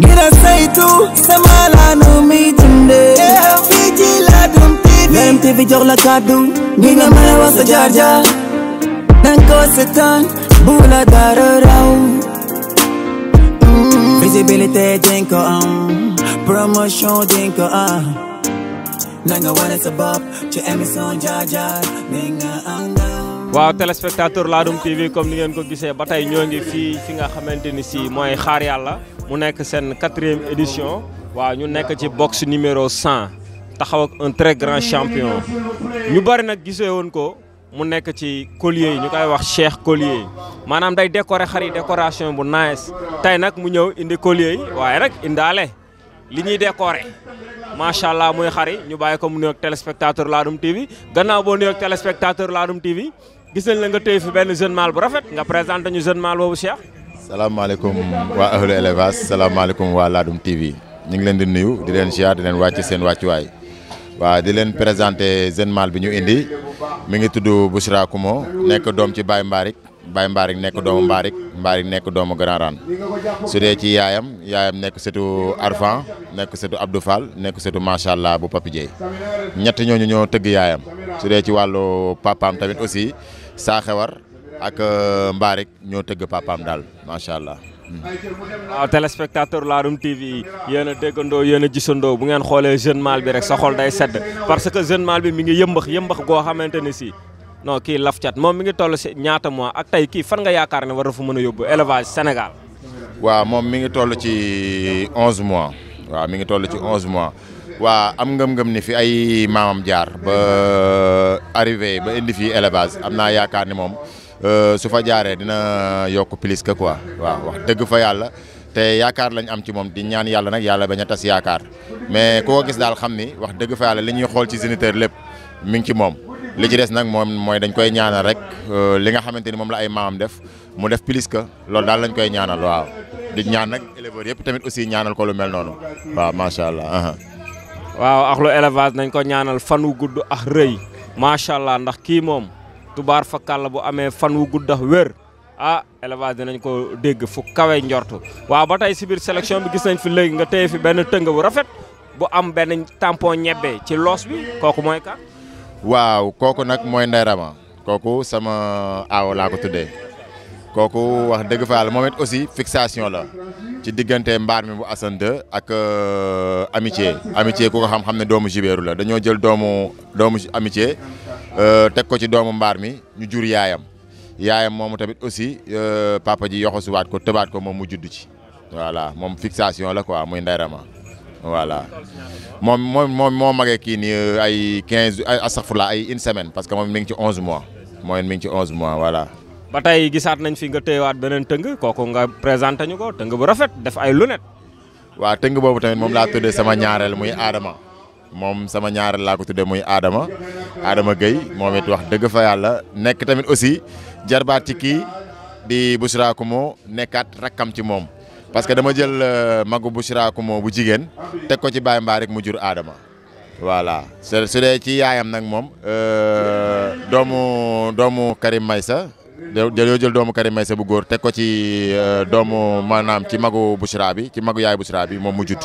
ngir a saytu sama laanu mi dundee. fii ci Ladoum TV. jox la kàddu. mi nga mën wax sa jaar jaar. danga ko bu la dara raw. Mm. visibilité dinga am promotion dinga am. nanga wane sa ci émission jaar jaar mi nga àndal. waaw téléspectateur Ladoum TV comme ni ngeen ko gisee ba tey ñoo ngi fii fi nga xamante ni sii mooy xaar yàlla. mu nekk seen quatrième édition waaw ñu nekk ci box numéro cent taxaw ak un très grand champion ñu bari nag gisee woon ko mu nekk ci collier yi ñu koy wax cheikh collier maanaam day décorer xar yi décoration bu nice tey nag mu ñëw indi collier yi waaye nag indaale li ñuy décorer macha allah muy xar yi ñu bàyyi ko mu nuyoog téléspectateur Ladoum TV gannaaw boo nuyoog téléspectateur Ladoum TV gis nañ la nga tey fi benn jeune mâle bu rafet nga présenté ñu jeune mâle boobu cheikh salaamaaleykum waa ahlu élevage salaamaaleykum waa Ladoum TV ñu ngi leen di nuyu di leen ziar di leen wàcc seen wàccuwaay waaw di leen présenté jeune mâle bi ñu indi mi ngi tudd Bouchra Koumo nekk doom ci Baye Mbarick Baye mbaarik nekk doomu Mbarick Mbarick nekk doomu Grand Rane su ci yaayam yaayam nekk sëtu Arfan nekk sëtu Abdou Fall nekk sëtu macha allah bu Papi Dieye ñett ñooñu ñoo tëgg yaayam su dee ci wàllu papaam tamit aussi saa xewar ak euh, Mbarek ñoo tëgg papaam daal macha allah. waaw ah, téléspectateur Ladoum TV yéen a déggandoo yéen a gisandoo bu ngeen xoolee jeune mal bi rek sa xol day sedd parce que jeune mâle bi mi ngi yëmbax yëmbax goo xamante ne si non kii lafcat moom mi ngi toll si ñaata mois ak tey kii fan nga yaakaar ne war na mën a yóbbu élevage Sénégal. waaw moom mi ngi toll ci 11 mois waaw mi ngi toll ci 11 mois waa am ngëm-ngëm ni fi ay maamam jaar ba arrivé ba indi fii élevage am naa yaakaar ni moom. Euh, su fa jaaree dina yokk plus que quoi waaw wax dëgg fa yàlla te yaakaar lañ am ci moom di ñaan yàlla nag yàlla bañ a tas yaakaar mais ku ko gis daal xam ni wax dëgg fa yàlla li ñuy xool ci géniteur lépp mi ngi ci moom li ci des nag moom mooy dañ koy ñaanal rek euh, li nga xamante ni moom la ay maamam def mu def plus que loolu daal lañ koy ñaanal waaw di ñaan nag éleveur yëpp tamit aussi ñaanal ko lu mel noonu waaw macha allah. Uh-huh. waaw ak lu élevage ko ñaanal macha allah ndax kii moom. tubaar fakkal la bu amee fan wu guddax wér ah élevage dinañ ko dégg fu kawe njortu waaw ba tey si biir sélection bi gis nañ fi léegi nga téye fi benn tëng bu rafet bu am benn tampon ñebbe ci loos bi kooku mooy kan. waaw kooku nag mooy Ndeye Rama kooku sama aaw laa ko tuddee kooku wax dëgg fa yàlla moom aussi fixation la ci diggante mbaar mi bu Assane ak euh, amitié amitié ku ko xam-xam ne doomu jibéeru la dañoo jël doomu doomu amitié Euh, teg ko ci doomu mbaar mi ñu jur yaayam yaayam moomu tamit aussi euh, papa ji yoxosuwaat ko tëbaat ko moom mu juddu ci voilà moom fixation la quoi muy ndeyrama voilà moom moom moom moo magee kii nii euh, ay quinze ay astafurla ay une semaine parce que moom mi ngi ci onze mois mooy mi ngi ci onze mois voilà. ba tey gisaat nañ fi nga tey waat beneen tëng kooku nga présenté ñu ko tëng bu rafet def ay lunettes. waaw tëng boobu tamit moom laa tuddee sama ñaareel muy Adama. moom sama ñaareel laa ko tuddee muy Adama Adama Gueye moom it wax dëgg fa yàlla nekk tamit aussi jarbaat ci kii di Bouchra Koumo nekkaat rakkam ci moom. parce que dama jël euh, magu Bouchra Koumo bu jigéen teg ko ci Baye Mbaye rek mu jur Adama voilà su dee ci yaayam nag moom euh, doomu doomu Karim Maysa jëloo jël doomu Karim Maysa bu góor teg ko ci euh, doomu maanaam ci magu Bouchra bi ci magu yaay Bouchra bi moom mu judd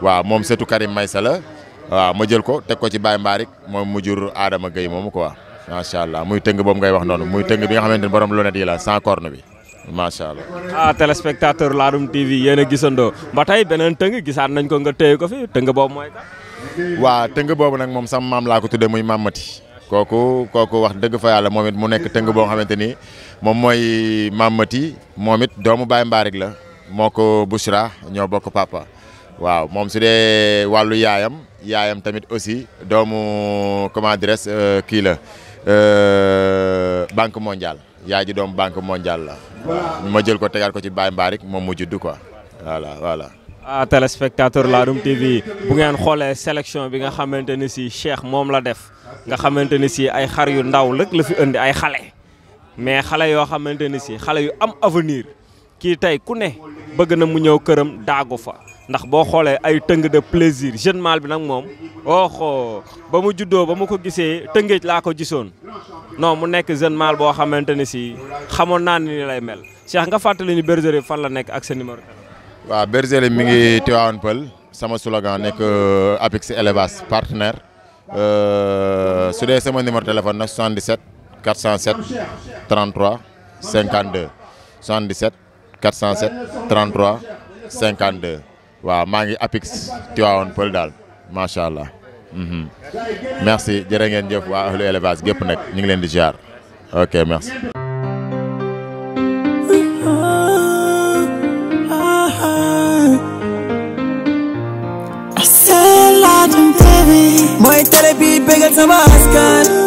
waaw moom sëtu Karim Maysa la. waaw ma jël ko teg ko ci Baye Mbarick moom mu jur Adama Gueye moomu quoi macha allah muy tëng boobu ngay wax noonu muy tëng bi nga xamante ni borom lunette la sans corne bi macha allah. ah téléspectateur Ladoum TV yéen a gisandoo ba tey beneen tëng gisaat nañ ko nga téye ko fi tëng boobu mooy ka waa tëng boobu nag moom sama maam laa ko tudde muy maam Mati kooku kooku wax dëgg fa yàlla moom it mu nekk tëng boo xamante ni moom mooy maam Mati moom it doomu Baye mbaarik la moo ko Bouchra ñoo bokk papa. waaw moom su dee wàllu yaayam yaayam tamit aussi doomu comment dirais euh, kii la euh, banque mondiale yaay ji doomu banque mondiale la. waaw ma jël ko tegal ko ci Baye Mbarick moom mu judd quoi voilà voilà. ah téléspectateur Ladoum TV bu ngeen xoolee sélection bi nga xamante ni si Cheikh moom la def nga xamante ni si ay xar yu ndaw lëkk la fi indi ay xale mais xale yoo xamante ni si xale yu am avenir kii tey ku ne bëgg na mu ñëw këram daagu fa. ndax boo xoolee ay tëng de plaisir jeune mâle bi nag moom ooxoo ba mu juddoo ba mu ko gisee tëngéej laa ko gisoon no mu nekk jeune mâle boo xamante ne si xamoon naa ni lay mel Cheikh nga fàttali ñu bergerie fan la nekk ak sa numéro téléphone. waaw bergerie mi ngi Tivaouane Peulh sama slogan nekk euh, Apix élevage partenaire euh, su dee sama numéro téléphone nag 77 407 33 52 77 407 33 52. waaw maa ngi Apix Tivaouane Peulh daal macha allah. Mhm. merci jërë ngeen jëf waa ahlu élevage gépp nag ñu ngi leen di ziar ok merci. mooy télé bi bégal sama askan.